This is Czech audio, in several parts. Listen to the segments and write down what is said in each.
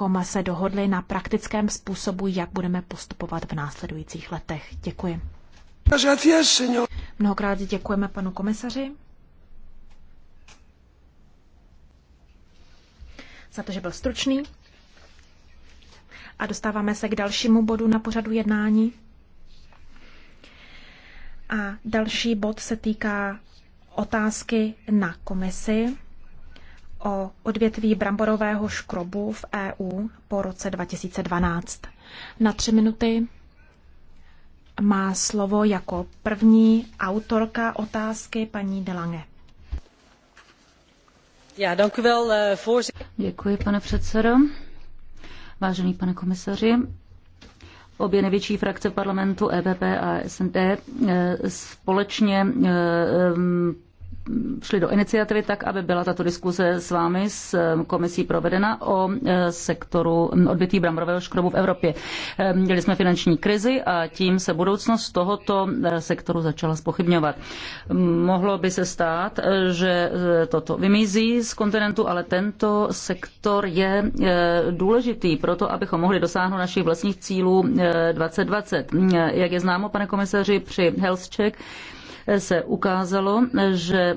abychom se dohodli na praktickém způsobu, jak budeme postupovat v následujících letech. Děkuji. Mnohokrát děkujeme panu komisaři za to, že byl stručný. A dostáváme se k dalšímu bodu na pořadu jednání. A další bod se týká otázky na komisi o odvětví bramborového škrobu v EU po roce 2012. Na tři minuty má slovo jako první autorka otázky paní Delange. Já, eh, Děkuji, pane předsedo. Vážený pane komisaři, Obě největší frakce parlamentu EPP a SND eh, společně eh, šli do iniciativy tak, aby byla tato diskuze s vámi, s eh, komisí provedena o eh, sektoru odbytý bramorového škrobu v Evropě. Eh, měli jsme finanční krizi a tím se budoucnost tohoto sektoru začala spochybňovat. Mohlo by se stát, že toto vymizí z kontinentu, ale tento sektor je důležitý pro to, abychom mohli dosáhnout našich vlastních cílů 2020. Jak je známo, pane komisaři, při Health Check se ukázalo, že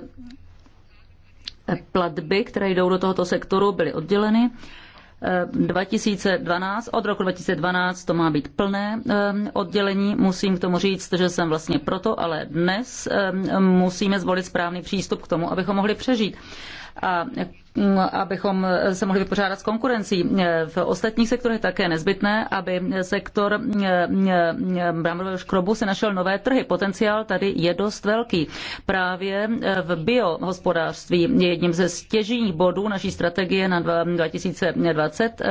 platby, které jdou do tohoto sektoru, byly odděleny. 2012, od roku 2012 to má být plné ehm, oddělení. Musím k tomu říct, že jsem vlastně proto, ale dnes ehm, musíme zvolit správný přístup k tomu, abychom mohli přežít. A Mm, abychom se mohli vypořádat s konkurencí. V ostatních sektorech také nezbytné, aby sektor mm, mm, bramborového škrobu se našel nové trhy. Potenciál tady je dost velký. Právě v biohospodářství je jedním ze stěžních bodů naší strategie na 2020.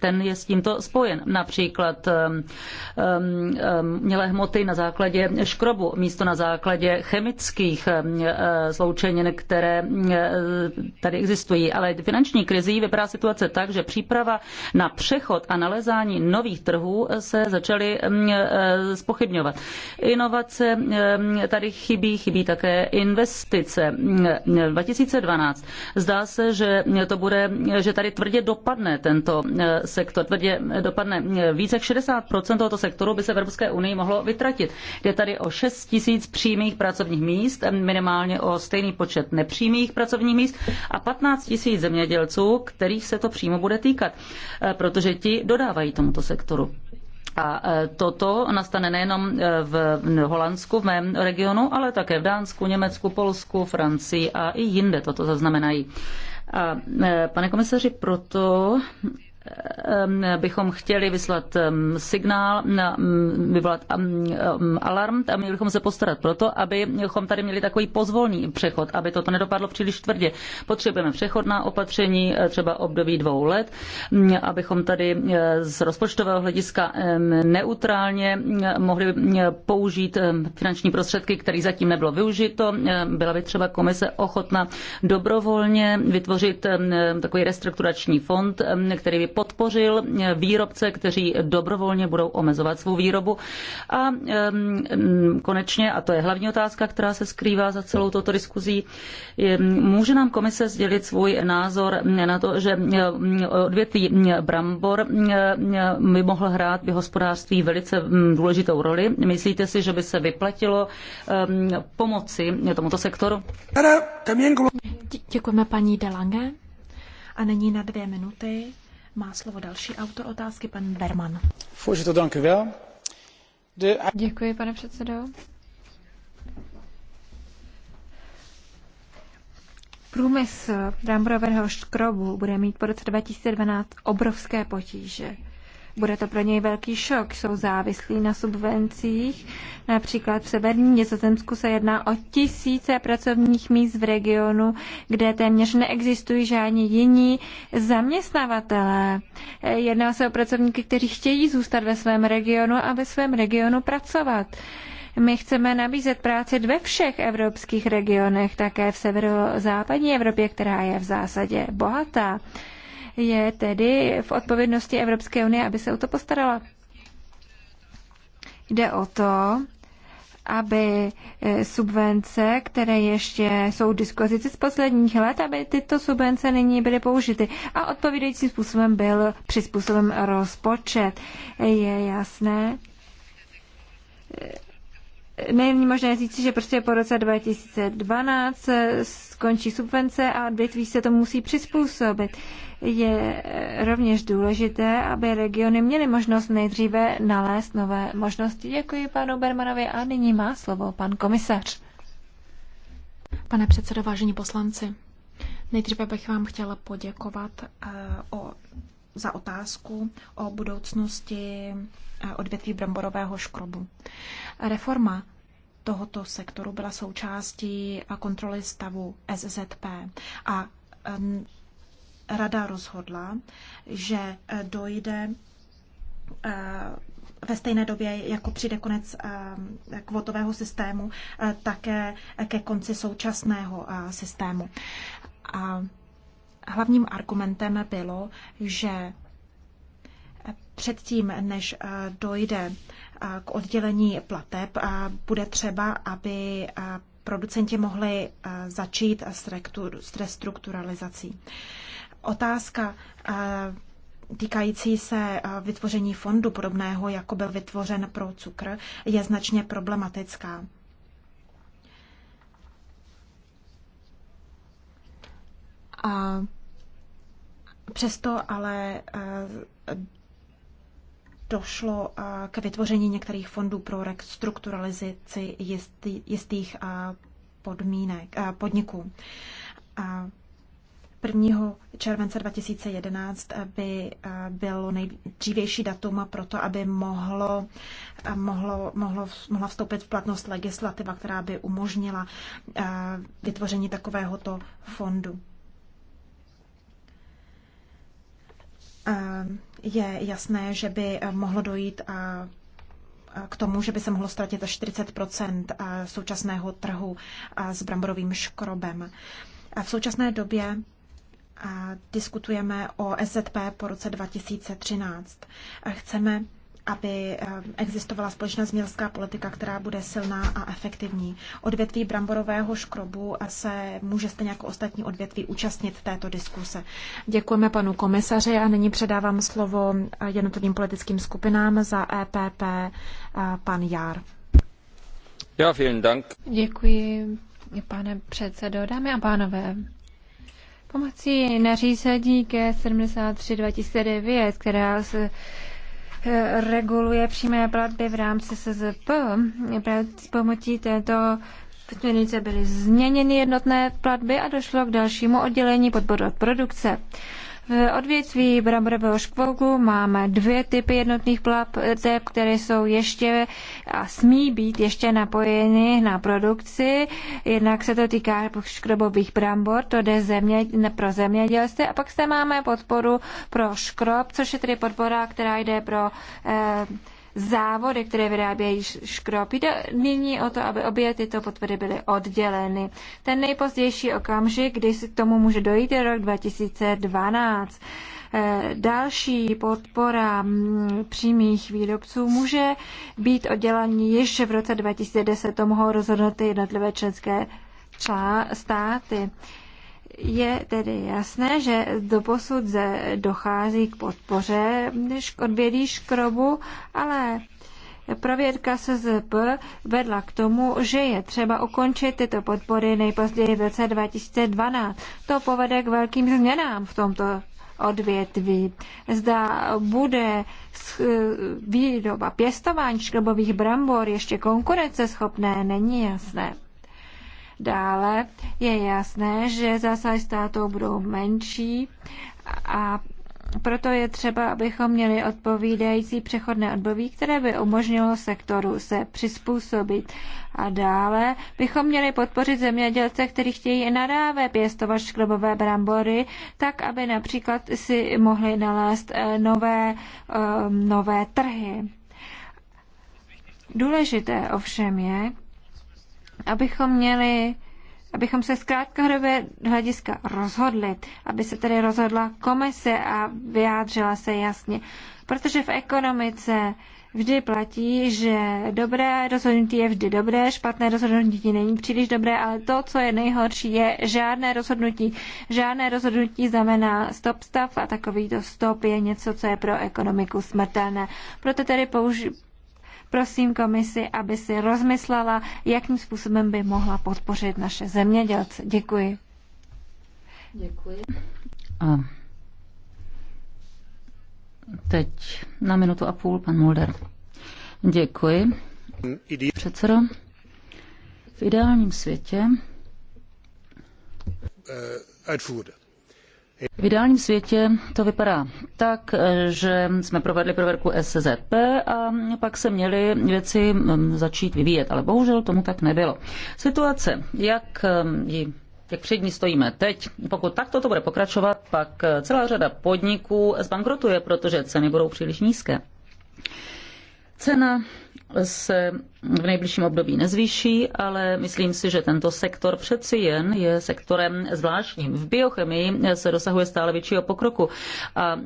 Ten je s tímto spojen. Například mělé hmoty na základě škrobu místo na základě chemických e, sloučenin, které tady existují existují, ale finanční krizí vypadá situace tak, že příprava na přechod a nalezání nových trhů se začaly mm, e, spochybňovat. Inovace mm, tady chybí, chybí také investice. 2012. Mm, e, Zdá se, že to bude, že tady tvrdě dopadne tento e, sektor, tvrdě dopadne více jak 60% tohoto sektoru by se v Evropské unii mohlo vytratit. Jde tady o 6 tisíc přímých pracovních míst, minimálně o stejný počet nepřímých pracovních míst a 15 tisíc zemědělců, kterých se to přímo bude týkat, eh, protože ti dodávají tomuto sektoru. A eh, toto nastane nejenom eh, v Holandsku, v mém regionu, ale také v Dánsku, Německu, Polsku, Francii a i jinde toto zaznamenají. A, pane komisaři, proto Ehm, bychom chtěli vyslat ehm, signál, mm, vyvolat ehm, alarm a měli bychom se postarat proto, abychom tady měli takový pozvolný přechod, aby toto nedopadlo příliš tvrdě. Potřebujeme přechodná opatření, eh, třeba období dvou let, mm, abychom tady eh, z rozpočtového hlediska neutrálně mm, mohli použít finanční prostředky, které zatím nebylo využito. Byla by třeba komise ochotna dobrovolně vytvořit takový restrukturační fond, který by podpořil výrobce, kteří dobrovolně budou omezovat svou výrobu. A konečně, a to je hlavní otázka, která se skrývá za celou touto diskuzí, může nám komise sdělit svůj názor na to, že odvětví brambor by mohl hrát v hospodářství velice důležitou roli. Myslíte si, že by se vyplatilo pomoci tomuto sektoru? Děkujeme paní Delange. A není na dvě minuty má slovo další otázky, pan Berman. Děkuji, pane předsedo. Průmysl bramborového škrobu bude mít po roce 2012 obrovské potíže. Bude to pro něj velký šok. Jsou závislí na subvencích. Například v severním Nizozemsku se jedná o tisíce pracovních míst v regionu, kde téměř neexistují žádní jiní zaměstnavatelé. Jedná se o pracovníky, kteří chtějí zůstat ve svém regionu a ve svém regionu pracovat. My chceme nabízet práci ve všech evropských regionech, také v severozápadní Evropě, která je v zásadě bohatá je tedy v odpovědnosti Evropské unie, aby se o to postarala. Jde o to, aby eh, subvence, které ještě jsou v dispozici z posledních let, aby tyto subvence nyní byly použity. A odpovídajícím způsobem byl přizpůsoben rozpočet. Je jasné, není možné říct, že prostě po roce 2012 skončí subvence a odvětví se to musí přizpůsobit. Je rovněž důležité, aby regiony měly možnost nejdříve nalézt nové možnosti. Děkuji panu Bermanovi a nyní má slovo pan komisař. Pane předsedo, vážení poslanci, nejdříve bych vám chtěla poděkovat eh, o za otázku o budoucnosti eh, odvětví bramborového škrobu. Reforma tohoto sektoru byla součástí eh, kontroly stavu SZP a rada rozhodla, že eh, dojde ve stejné době, jako přijde konec kvotového systému, také ke konci současného systému. A Hlavním argumentem bylo, že předtím, než eh, dojde eh, k oddělení plateb, eh, bude třeba, aby producenti mohli začít s restrukturalizací. Otázka týkající se vytvoření fondu podobného, jako byl vytvořen pro cukr, je značně problematická. A Přesto ale eh, došlo eh, k vytvoření některých fondů pro restrukturalizaci jistých eh, podmínek, podniků. 1. července 2011 by bylo nejdřívější datum pro to, aby mohlo, mohlo, mohlo, mohla vstoupit v platnost legislativa, která by umožnila vytvoření takovéhoto fondu. je jasné, že by eh, mohlo dojít k tomu, že by se mohlo ztratit až 40 současného trhu s bramborovým škrobem. V současné době diskutujeme o SZP po roce 2013. Chceme aby eh, existovala společná zemědělská politika, která bude silná a efektivní. Odvětví bramborového škrobu se může stejně jako ostatní odvětví účastnit této diskuse. Děkujeme panu komisaři a nyní předávám slovo jednotlivým politickým skupinám za EPP eh, pan Jár. Já, vielen Dank. Děkuji, pane předsedo. Dámy a pánové, pomocí nařízení G73 2009, která se reguluje přímé platby v rámci SZP. S pomocí této směrnice byly změněny jednotné platby a došlo k dalšímu oddělení podporu od produkce. V eh, odvětví bramborového škvogu máme dvě typy jednotných plateb, které jsou ještě a smí být ještě napojeny na produkci. Jednak se to týká škrobových brambor, to jde země, pro zemědělství. A pak se máme podporu pro škrob, což je tedy podpora, která jde pro eh, závody, které vyrábějí škrob. Jde nyní o to, aby obě tyto potvrdy byly odděleny. Ten nejpozdější okamžik, kdy k tomu může dojít, je rok 2012 eh, další podpora mm, přímých výrobců může být oddělení již v roce 2010. To mohou rozhodnout jednotlivé členské státy. Je tedy jasné, že do doposud dochází k podpoře odvědí škrobu, ale Prověrka SZP vedla k tomu, že je třeba ukončit tyto podpory nejpozději v roce 2012. To povede k velkým změnám v tomto odvětví. Zda bude výroba pěstování škrobových brambor ještě konkurenceschopné, není jasné. Dále je jasné, že zásahy států budou menší a proto je třeba, abychom měli odpovídající přechodné odboví, které by umožnilo sektoru se přizpůsobit. A dále bychom měli podpořit zemědělce, kteří chtějí nadále pěstovat škrobové brambory, tak aby například si mohli nalézt eh, nové, eh, nové trhy. Důležité ovšem je, abychom měli abychom se z krátkodobé hlediska rozhodli, aby se tedy rozhodla komise a vyjádřila se jasně. Protože v ekonomice vždy platí, že dobré rozhodnutí je vždy dobré, špatné rozhodnutí není příliš dobré, ale to, co je nejhorší, je žádné rozhodnutí. Žádné rozhodnutí znamená stop stav a takovýto stop je něco, co je pro ekonomiku smrtelné. Proto tedy použi- Prosím komisi, aby si rozmyslela, jakým způsobem by mohla podpořit naše zemědělce. Děkuji. Děkuji. A teď na minutu a půl pan Mulder. Děkuji. Předsedo, v ideálním světě uitvoerde. Eh, v ideálním světě to vypadá tak, že jsme provedli prověrku SZP a pak se měly věci mm, začít vyvíjet, ale bohužel tomu tak nebylo. Situace, jak mm, ji jak před ní stojíme teď. Pokud takto to bude pokračovat, pak eh, celá řada podniků zbankrotuje, protože ceny budou příliš nízké. Cena se v nejbližším období nezvýší, ale myslím si, že tento sektor přeci jen je sektorem zvláštním. V biochemii se dosahuje stále většího pokroku a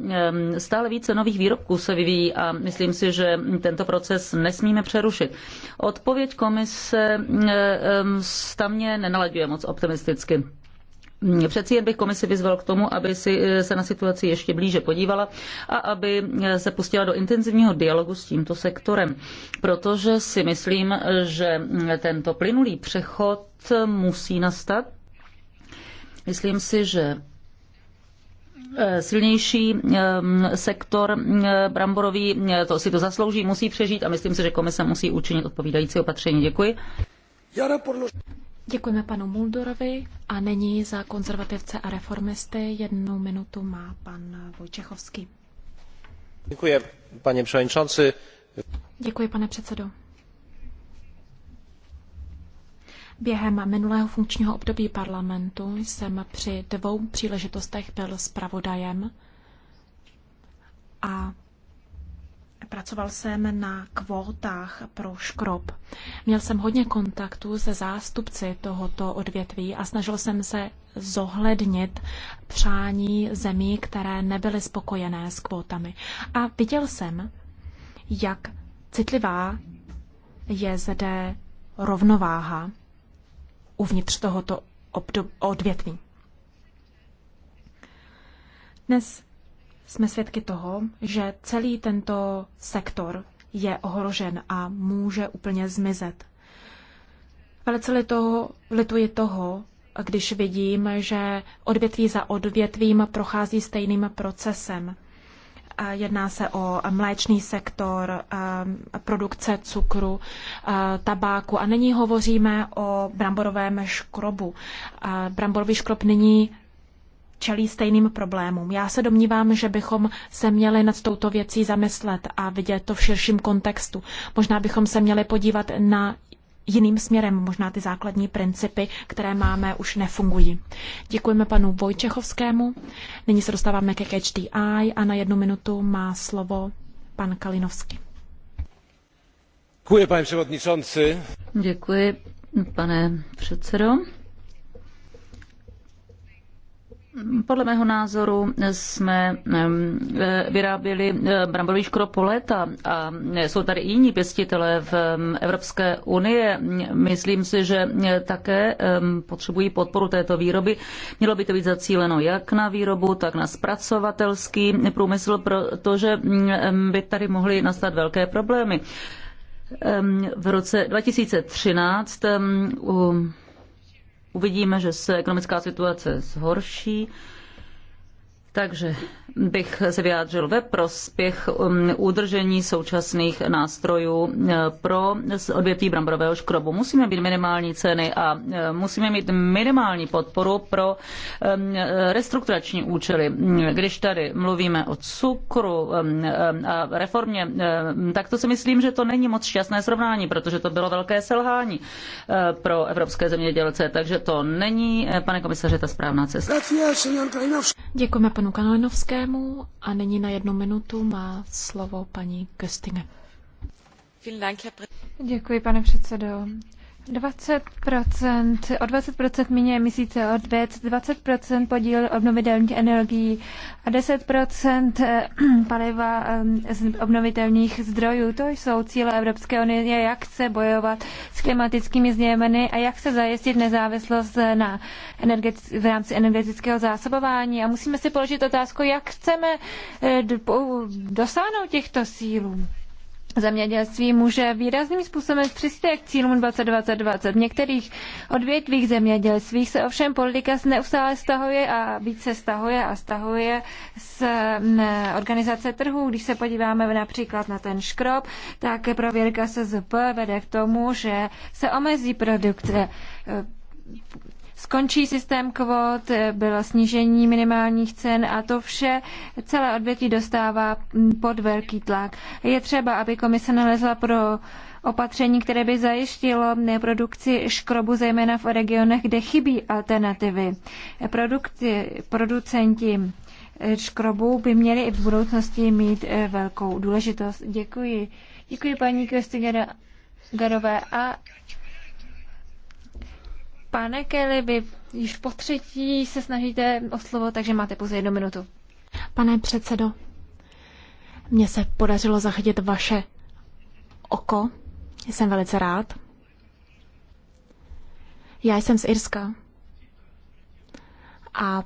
stále více nových výrobků se vyvíjí a myslím si, že tento proces nesmíme přerušit. Odpověď komise tam mě nenaladuje moc optimisticky. Přeci jen bych komisi vyzval k tomu, aby si eh, se na situaci ještě blíže podívala a aby eh, se pustila do intenzivního dialogu s tímto sektorem, protože si myslím, že eh, tento plynulý přechod musí nastat. Myslím si, že silnější sektor bramborový, to si to zaslouží, musí přežít a myslím si, že komise musí učinit odpovídající opatření. Děkuji. Děkujeme panu Muldorovi a nyní za konzervativce a reformisty jednu minutu má pan Vojčechovský. Děkuji, pane předsedající. Děkuji, pane předsedo. Během minulého funkčního období parlamentu jsem při dvou příležitostech byl zpravodajem a Pracoval jsem na kvótách pro škrob. Měl jsem hodně kontaktů se zástupci tohoto odvětví a snažil jsem se zohlednit přání zemí, které nebyly spokojené s kvótami. A viděl jsem, jak citlivá je zde rovnováha uvnitř tohoto odvětví. Dnes jsme svědky toho, že celý tento sektor je ohrožen a může úplně zmizet. Velice toho, lituji toho, když vidím, že odvětví za odvětvím prochází stejným procesem. Jedná se o mléčný sektor, produkce cukru, tabáku a nyní hovoříme o bramborovém škrobu. Bramborový škrob nyní čelí stejným problémům. Já se domnívám, že bychom se měli nad touto věcí zamyslet a vidět to v širším kontextu. Možná bychom se měli podívat na jiným směrem. Možná ty základní principy, které máme, už nefungují. Děkujeme panu Vojčechovskému. Nyní se dostáváme ke HDI a na jednu minutu má slovo pan Kalinovský. Děkuji, pane Děkuji, pane předsedo. Podle mého názoru jsme eh, vyráběli eh, bramborový škrop po léta a jsou tady i jiní pěstitelé v Evropské unii. Myslím si, že eh, také potřebují podporu této výroby. Mělo by to být zacíleno jak na výrobu, tak na zpracovatelský průmysl, protože by tady mohly nastat velké problémy. V roce 2013 uvidíme, že se ekonomická situace zhorší. Takže bych se vyjádřil ve prospěch um, udržení současných nástrojů uh, pro odvětví bramborového škrobu. Musíme mít minimální ceny a uh, musíme mít minimální podporu pro um, restrukturační účely. Když tady mluvíme o cukru um, a reformě, tak to si myslím, že to není moc šťastné srovnání, protože to bylo velké selhání uh, pro evropské zemědělce. Takže to není, pane komisaře, ta správná cesta. Děkujeme panu Kalinovskému a nyní na jednu minutu má slovo paní Köstinger. Děkuji, pane předsedo. 20 o 20 méně emisí CO2, 20 podíl obnovitelných energií a 10 eh, paliva eh, z obnovitelných zdrojů. To jsou cíle Evropské unie, jak se bojovat s klimatickými změnami a jak se zajistit nezávislost na v rámci energetického zásobování. A musíme si položit otázku, jak chceme eh, dosáhnout těchto cílů zemědělství může výrazným způsobem přispět k cílům 2020. V některých odvětvích zemědělství se ovšem politika neustále stahuje a více stahuje a stahuje z mm, organizace trhů. Když se podíváme například na ten škrob, tak prověrka SZP vede k tomu, že se omezí produkce skončí systém kvót, eh, bylo snížení minimálních cen a to vše celé odvětví dostává mm, pod velký tlak. Je třeba, aby komise nalezla pro opatření, které by zajištilo produkci škrobu, zejména v regionech, kde chybí alternativy. Produkci, producenti eh, škrobu by měli i v budoucnosti mít eh, velkou důležitost. Děkuji. Děkuji paní Kristi Garové a Pane Kelly, vy již po třetí se snažíte o slovo, takže máte pouze jednu minutu. Pane předsedo, mně se podařilo zachytit vaše oko. Jsem velice rád. Já jsem z Irska a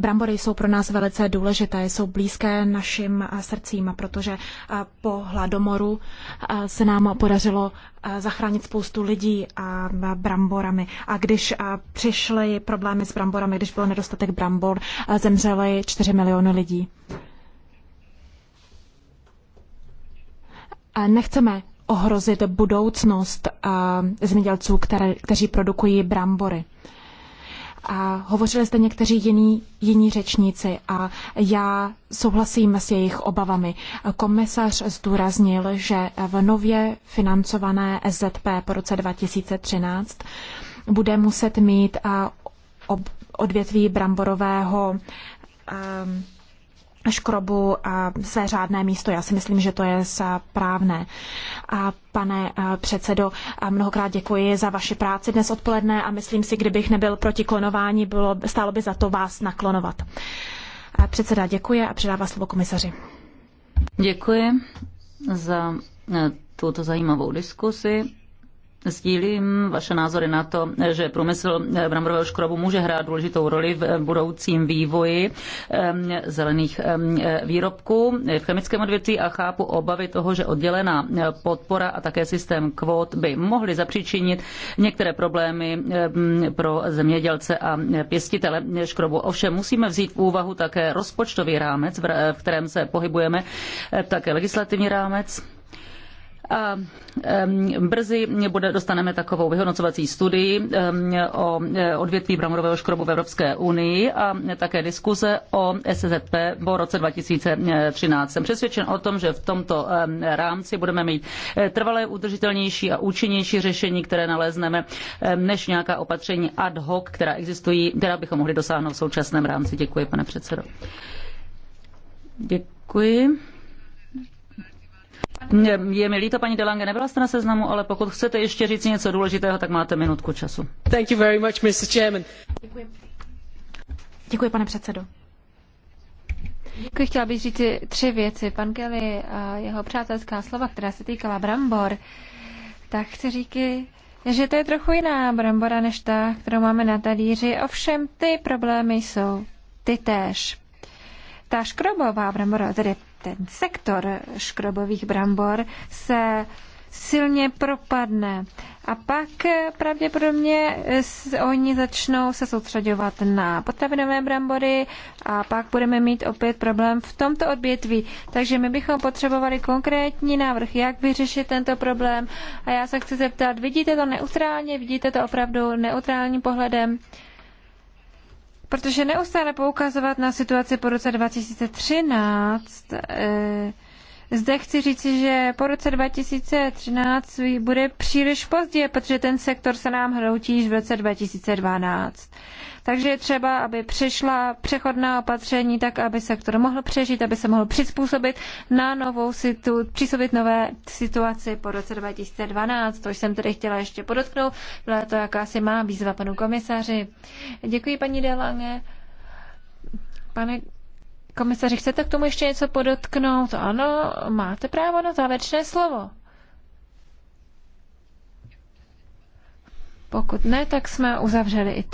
Brambory jsou pro nás velice důležité, jsou blízké našim eh, srdcím, protože eh, po hladomoru eh, se nám podařilo zachránit spoustu lidí a bramborami. A když přišly problémy s bramborami, když byl nedostatek brambor, zemřeli 4 miliony lidí. Nechceme ohrozit budoucnost zemědělců, které, kteří produkují brambory. A hovořili jste někteří jiní, jiní řečníci a já souhlasím s jejich obavami. Komisař zdůraznil, že v nově financované SZP po roce 2013 bude muset mít odvětví bramborového škrobu a své řádné místo. Já si myslím, že to je správné. A pane eh, předsedo, mnohokrát děkuji za vaši práci dnes odpoledne a myslím si, kdybych nebyl proti klonování, bylo, stálo by za to vás naklonovat. A předseda děkuji a předává slovo komisaři. Děkuji za eh, tuto zajímavou diskusi. Sdílím vaše názory na to, že průmysl bramborového škrobu může hrát důležitou roli v eh, budoucím vývoji ehm, zelených ehm, eh, výrobků eh, v chemickém odvětví a chápu obavy toho, že oddělená podpora a také systém kvót by mohly zapříčinit některé problémy ehm, pro zemědělce a pěstitele škrobu. Ovšem musíme vzít v úvahu také rozpočtový rámec, v kterém se pohybujeme, také legislativní rámec a brzy bude, dostaneme takovou vyhodnocovací studii o e, odvětví bramorového škrobu v Evropské unii a také diskuze o SZP po roce 2013. Jsem přesvědčen o tom, že v tomto rámci budeme mít e, trvalé udržitelnější a účinnější řešení, které nalezneme, než nějaká opatření ad hoc, která existují, která bychom mohli dosáhnout v současném rámci. Děkuji, pane předsedo. Děkuji. Je mi líto, paní Delange, nebyla jste na seznamu, ale pokud chcete ještě říct něco důležitého, tak máte minutku času. Thank you very much, Mr. Chairman. Děkuji. Děkuji, pane předsedo. Děkuji, chtěla bych říct tři věci. Pan Kelly a jeho přátelská slova, která se týkala brambor, tak chci říky, že to je trochu jiná brambora než ta, kterou máme na talíři. Ovšem ty problémy jsou ty též. Ta škrobová brambora, tedy ten sektor škrobových brambor se silně propadne. A pak pravděpodobně oni začnou se soustředovat na potravinové brambory a pak budeme mít opět problém v tomto odbětví. Takže my bychom potřebovali konkrétní návrh, jak vyřešit tento problém. A já se chci zeptat, vidíte to neutrálně, vidíte to opravdu neutrálním pohledem? Protože neustále poukazovat na situaci po roce 2013, eh, zde chci říci, že po roce 2013 bude příliš pozdě, protože ten sektor se nám hroutí již v roce 2012. Takže je třeba, aby přešla přechodná opatření, tak aby sektor mohl přežít, aby se mohl přizpůsobit na novou situ, přizpůsobit nové situaci po roce 2012. To jsem tedy chtěla ještě podotknout. Byla to jakási má výzva panu komisaři. Děkuji paní Delange. Pane Komisaři, chcete k tomu ještě něco podotknout? Ano, máte právo na závěrečné slovo. Pokud ne, tak jsme uzavřeli i